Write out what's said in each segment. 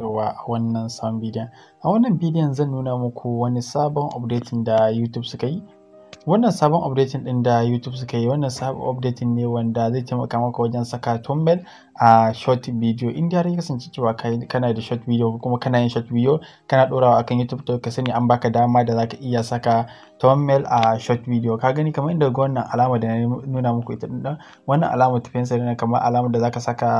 yawa a wannan sabon bidiyon. A wannan bidiyon zan nuna muku wani sabon updating da YouTube suka yi. Wannan sabon updating ɗin da YouTube suka yi wannan sabon updating ne wanda zai taimaka maka wajen saka thumbnail a short video in dai har ya kasance cewa kana da short video kuma kana yin short video kana dorawa akan YouTube to ka sani an baka dama da zaka iya saka thumbnail a short video ka gani kamar inda ga wannan alama da nuna muku ita ɗin wannan alama ta pencil ne kamar alama da zaka saka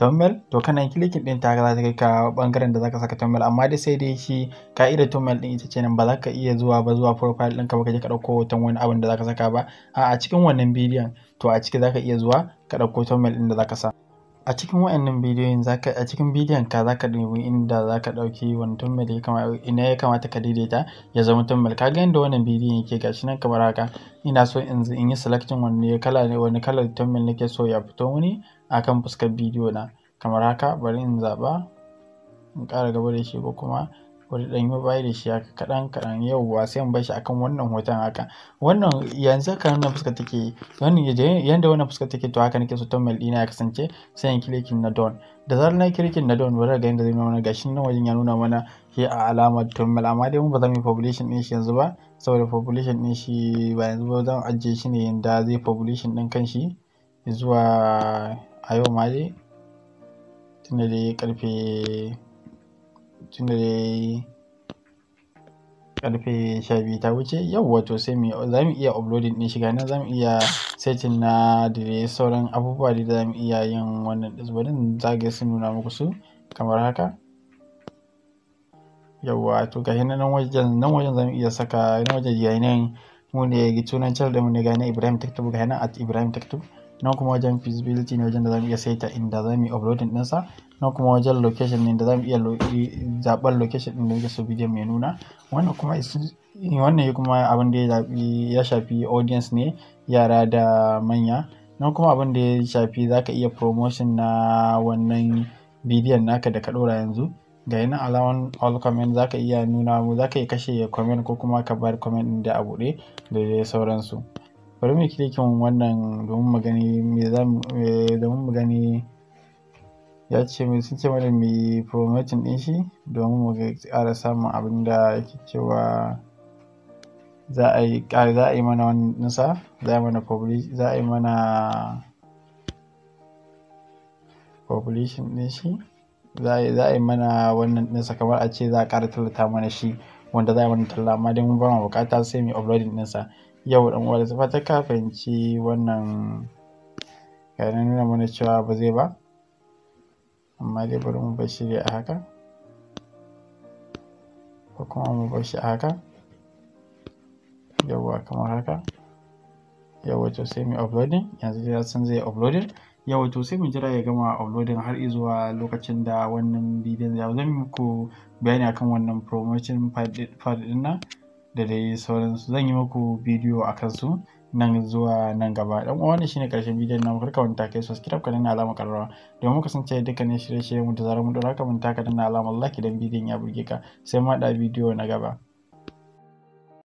thumbnail to kana clicking din ta za ta kai ka bangaren da zaka saka thumbnail amma dai sai dai shi ka ida thumbnail din ita ce nan ba za ka iya zuwa ba zuwa profile ɗinka ba ka je ka dauko hoton wani abin da zaka saka ba a a cikin wannan bidiyon to a ciki zaka iya zuwa ka dauko thumbnail din da zaka sa a cikin wa'annan bidiyoyin zaka a cikin bidiyon ka zaka dubi inda zaka ɗauki wani thumbnail ya kamata ina ya kamata ka daidaita ya zama thumbnail ka ga inda wannan bidiyon yake gashi nan kamar haka ina so in in yi selecting wani kala ne wani kalar thumbnail nake so ya fito wani akan fuskar bidiyo na kamar haka bari in zaɓa in ƙara gaba da shi ko kuma bari ɗan yi baya da shi haka kaɗan kaɗan ba sai in bar shi akan wannan hoton haka wannan yanzu haka wannan fuska take wannan yanda wannan fuska take to haka nake so thumbnail ɗina ya kasance sai in kilikin na don da zarar na kilikin na don bari ga yanda zai nuna gashi nan wajen ya nuna mana shi a alamar thumbnail amma dai mun ba za mu yi population ɗin shi yanzu ba saboda population ɗin shi ba yanzu ba zan ajiye shi ne yanda zai population ɗin shi zuwa a yau ma dai tunda dai karfe tunda dai karfe sha biyu ta wuce yau wato sai mu za mu iya uploading din shiga nan za mu iya setting na da dai sauran abubuwa da za mu iya yin wannan dazubarin za zage su nuna muku su kamar haka yau wato ga shi nan wajen nan wajen za mu iya saka nan wajen yayi nan mu ne tunan channel ɗin mu ne ga na Ibrahim Taktub ga nan at Ibrahim Taktub na kuma wajen feasibility ne wajen da zamu iya saita inda zamu yi uploading ɗinsa na kuma wajen location ne da zamu iya zaɓar location ɗin da muke so bidiyon mai nuna wannan kuma wannan kuma abin da ya shafi audience ne yara da manya na kuma abin da ya shafi zaka iya promotion na wannan bidiyon naka da ka ɗora yanzu ga yana alaman all comment zaka iya nuna mu zaka iya kashe comment ko kuma ka bar comment da a buɗe da sauransu bari mu kilikin wannan domin mu gani me za mu domin mu gani ya ce mu sun ce mana mu yi promoting din shi domin mu ƙara samun abin da yake cewa za a yi ƙara za a yi mana wani nisa za a yi mana publish za a yi mana population din shi za a yi mana wannan nisa kamar a ce za a ƙara tallata mana shi wanda za a yi mana talla amma dai mun ba mu bukata sai mu uploading ɗinsa yau dan uwa da ta ka fahimci wannan yana nuna mana cewa ba zai ba amma dai bari mu bashi shi a haka ko kuma mu bashi shi a haka yawwa kamar haka yawwa to sai mu uploading yanzu dai san zai uploading yawwa to sai mu jira ya gama uploading har zuwa lokacin da wannan bidiyon ya zan muku bayani akan wannan promotion part din nan da dai sauransu zan yi muku bidiyo a kansu nan zuwa nan gaba dan uwa shine karshen bidiyon namu karka wanta kai subscribe ka danna alamar karrawa domin mu kasance dukkanin shirye-shiryen mu da zarar mu dora ka mun taka danna alamar like idan bidiyon ya burge ka sai mu da bidiyo na gaba